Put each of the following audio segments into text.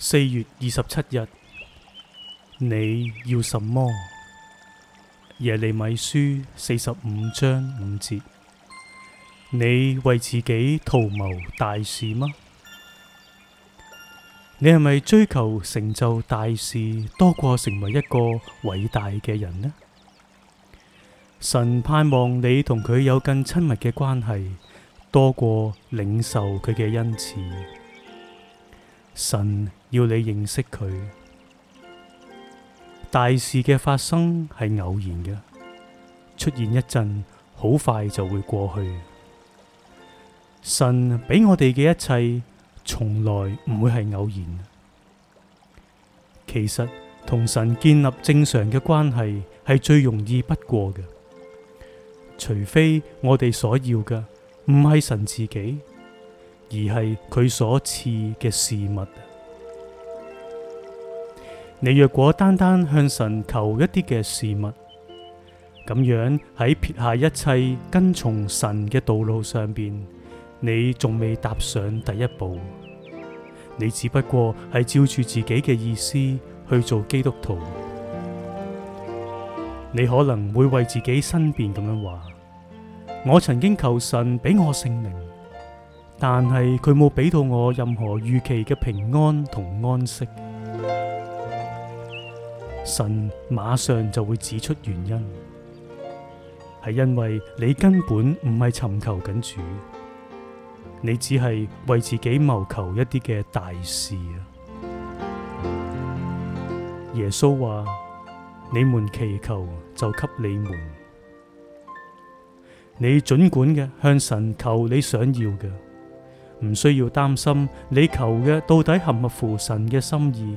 四月二十七日，你要什麼？耶利米書四十五章五節，你為自己圖謀大事嗎？你係咪追求成就大事多過成為一個偉大嘅人呢？神盼望你同佢有更親密嘅關係，多過領受佢嘅恩賜。神。要你認識佢，大事嘅發生係偶然嘅，出現一陣，好快就會過去。神俾我哋嘅一切，從來唔會係偶然。其實同神建立正常嘅關係係最容易不過嘅，除非我哋所要嘅唔係神自己，而係佢所賜嘅事物。你若果單單向神求一啲嘅事物，咁樣喺撇下一切跟從神嘅道路上邊，你仲未踏上第一步。你只不過係照住自己嘅意思去做基督徒。你可能會為自己身邊咁樣話：「我曾經求神俾我聖靈，但係佢冇俾到我任何預期嘅平安同安息。神馬上就會指出原因，係因為你根本唔係尋求緊主，你只係為自己謀求一啲嘅大事啊！耶穌話：你們祈求就給你們，你盡管嘅向神求你想要嘅，唔需要擔心你求嘅到底合唔符合神嘅心意。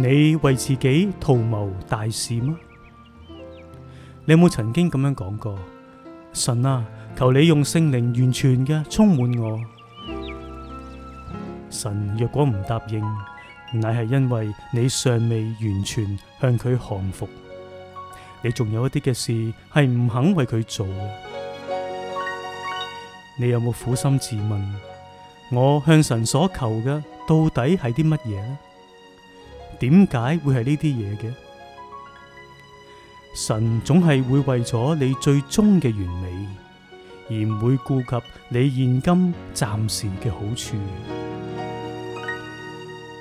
你為自己圖謀大事嗎？你有冇曾經咁樣講過？神啊，求你用聖靈完全嘅充滿我。神若果唔答應，乃係因為你尚未完全向佢降服。你仲有一啲嘅事係唔肯為佢做嘅。你有冇苦心自問？我向神所求嘅到底係啲乜嘢咧？點解會係呢啲嘢嘅？神總係會為咗你最終嘅完美，而唔會顧及你現今暫時嘅好處。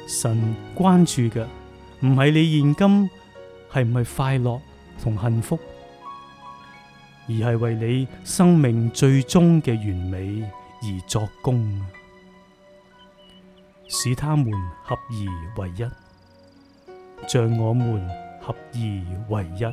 神關注嘅唔係你現今係唔係快樂同幸福，而係為你生命最終嘅完美而作功，使他們合而為一。像我們合二為一。